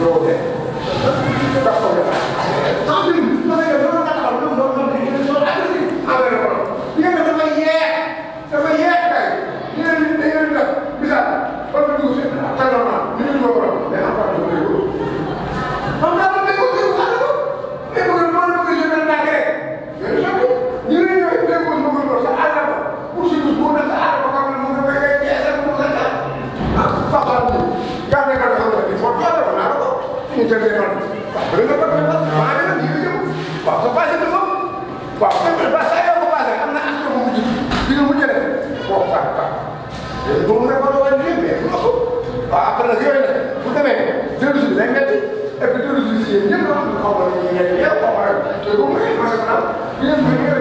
ようで bienvenido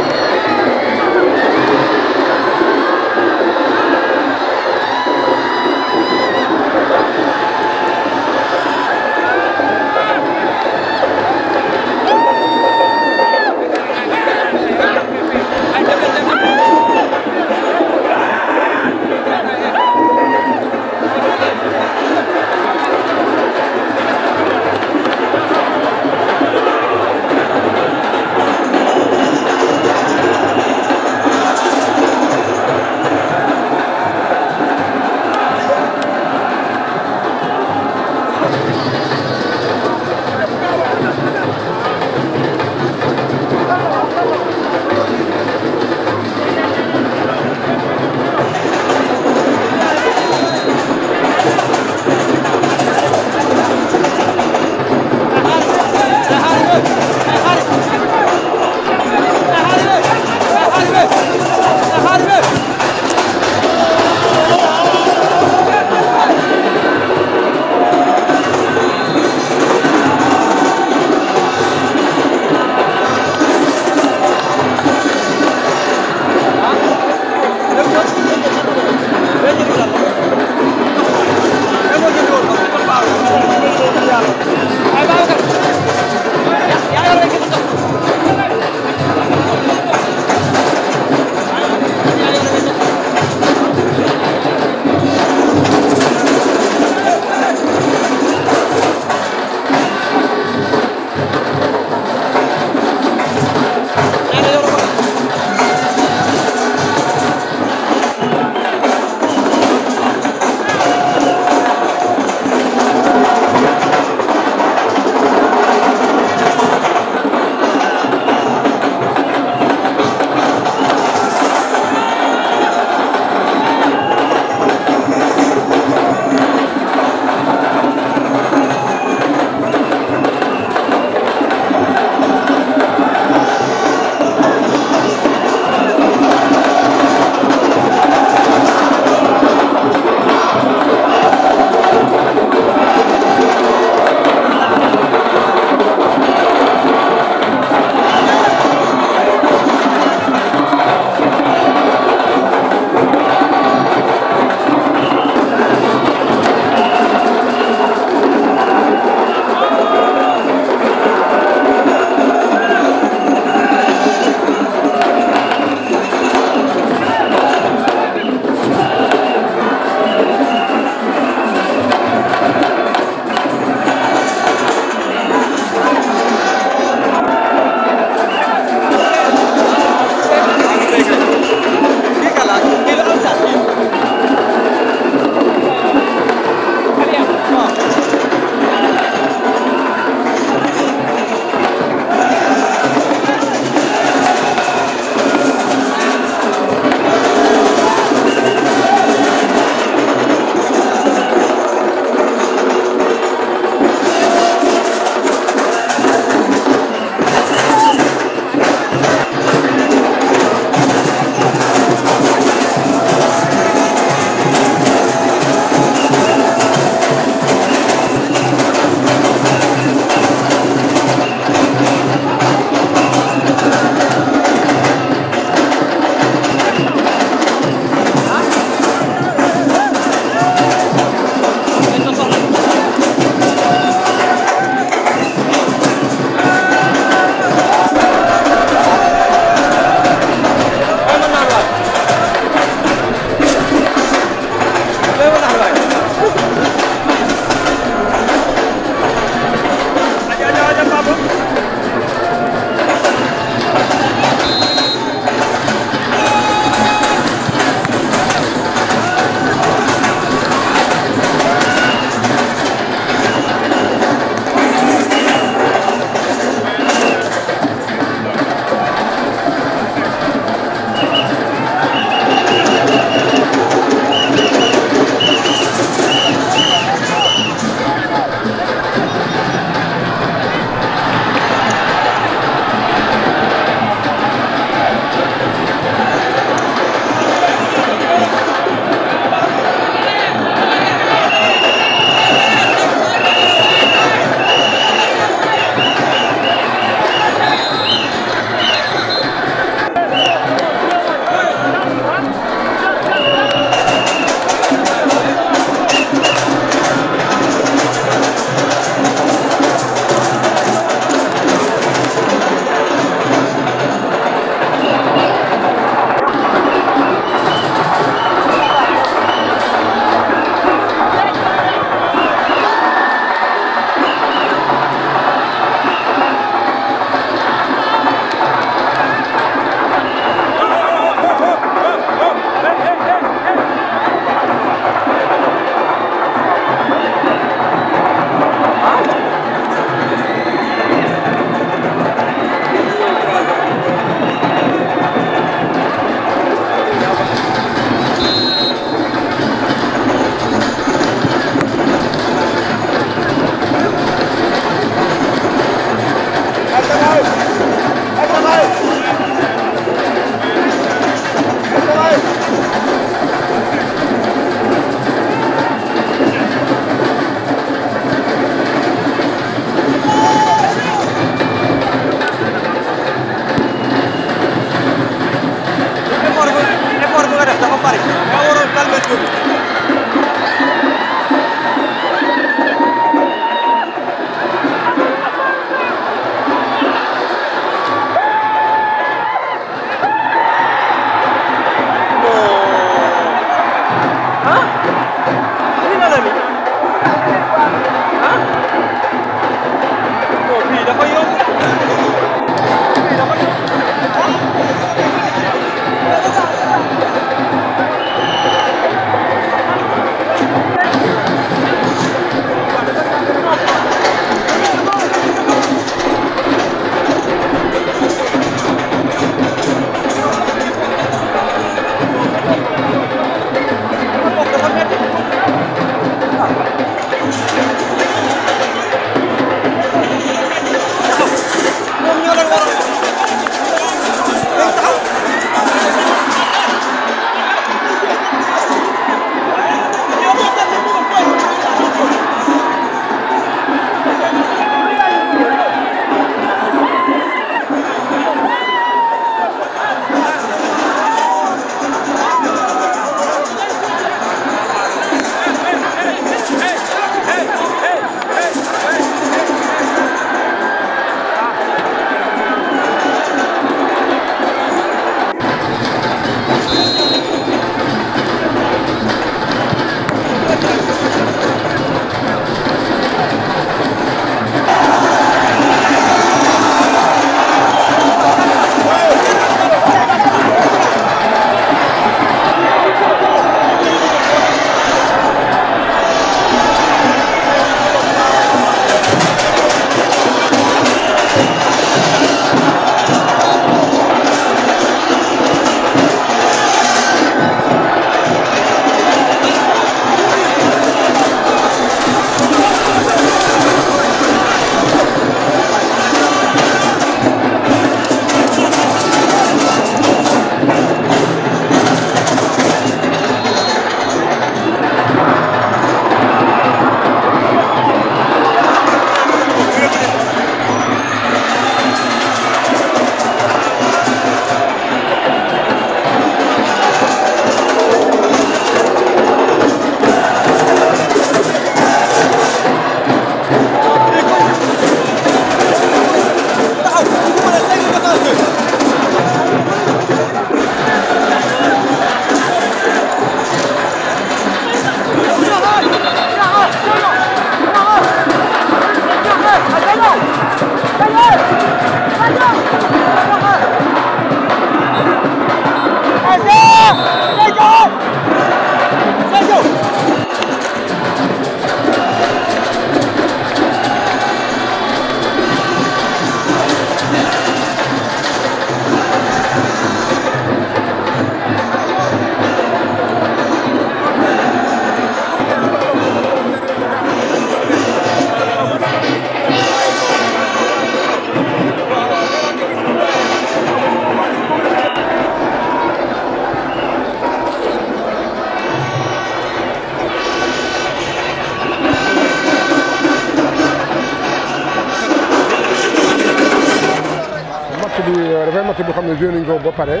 match boo xam ne joué nañ ko ba pare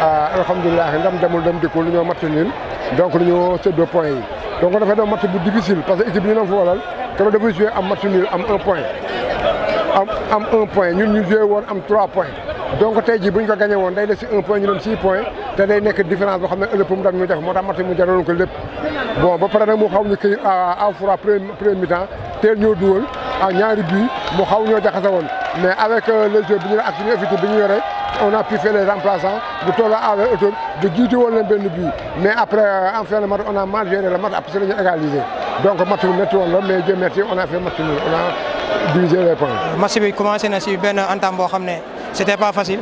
ah, alhamdulilah ndam demul dem dikkul ñoo match nul donc lu ñu séddoo point yi donc dafa doon match bu difficile parce que équipe bi ñu volal footballal keroog dafay joué am match nul am un point am am un point ñun ñu joué woon am trois points donc tey jii bu ko gagné woon day des si un point ñu dem six points té day nek différence boo xamné ne ëllëg mu daan ñu def moo tax match mu jaraloon ko lépp bon ba paré nak mu xaw ñu kii à ah, froid premier mi-temps teel ñoo à ah, ñaari bii mu xaw ñoo jaxase woon mais avec euh, le jeu bi ñu ak suñu effectif bi ñu yoré on a pu faire les remplaçants de tolloo avec Eutope bu jiite woon leen mais après en fin de match on a mal géré le match après on a égalisé donc match bu métti woon mais Dieu merci on a fait match nul on a divisé les points. Euh, match bi commencé na si un entame boo xam c'était pas facile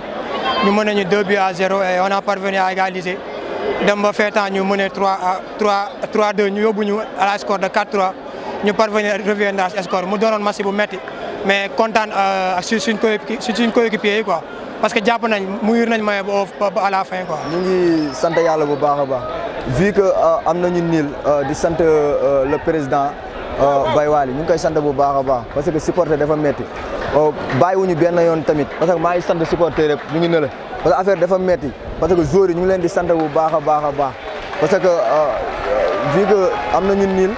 ñu mën 2 buts à 0 et on a parvenu à égaliser Dans le fait, temps ñu mené 3 à 3 2 ñu avons à la score de 4 3 ñu parvenu revenir à la score mu doonoon match bu métti mais content, euh, suñ suñ coéquipier parce que jàpp nañ muyur nañ maye ba ba à la fin quoi. ñu ngi sant yàlla bu baax a baax vu que euh, am na ñu niil euh, di sant euh, le président Baye Waly ñu ngi koy sant bu baax a baax parce que supporter dafa metti bàyyiwuñu benn yoon tamit parce que maa ngi sant supporter yëpp ñu ngi ne la parce que affaire dafa metti parce que joueurs yi ñu ngi leen di sant bu baax a baax a baax parce que vu que am na nañu niil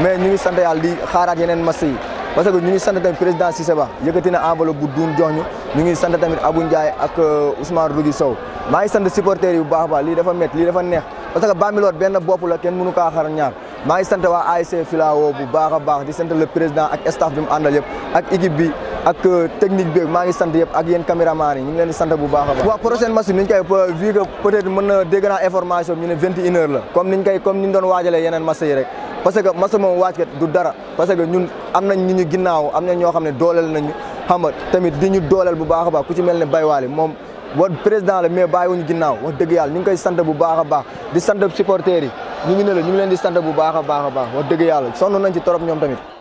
mais ñu ngi sant yàlla di xaaraat yeneen match yi. parce que ñu ngi sant tamit président Cissé Ba yëkkati na bu duun jox ñu ñu ngi sant tamit Abou Ndiaye ak euh, Ousmane Rougui Sow maa ngi sant supporters yi bu baax a lii dafa métti lii dafa neex parce que Bambilor bopp la kenn mënu kaa ñaar maa ngi sant waa ASC Filao bu baax a baax di sant le président ak staff bi mu àndal ak équipe bi ak euh, technique bi maa ngi sant yëpp ak yéen caméraman yi ñu ngi leen bu baax a baax. waaw prochaine match bi ni ñu koy euh, vu que parce que Massa moom waaj kat du dara parce que ñun am nañ ñu ñu ginnaaw am na ñoo xam ne dooleel nañu xam nga tamit di ñu dooleel bu baax a baax ku ci mel ne bay Baywaale moom wa président la mais bàyyiwuñu ginnaaw wax dëgg yàlla ñu ngi koy sant bu baax a baax di sant supporters yi ñu ngi ne ñu ngi leen di sant bu baax a baax a baax wax dëgg yàlla sonn nañ ci torop ñoom tamit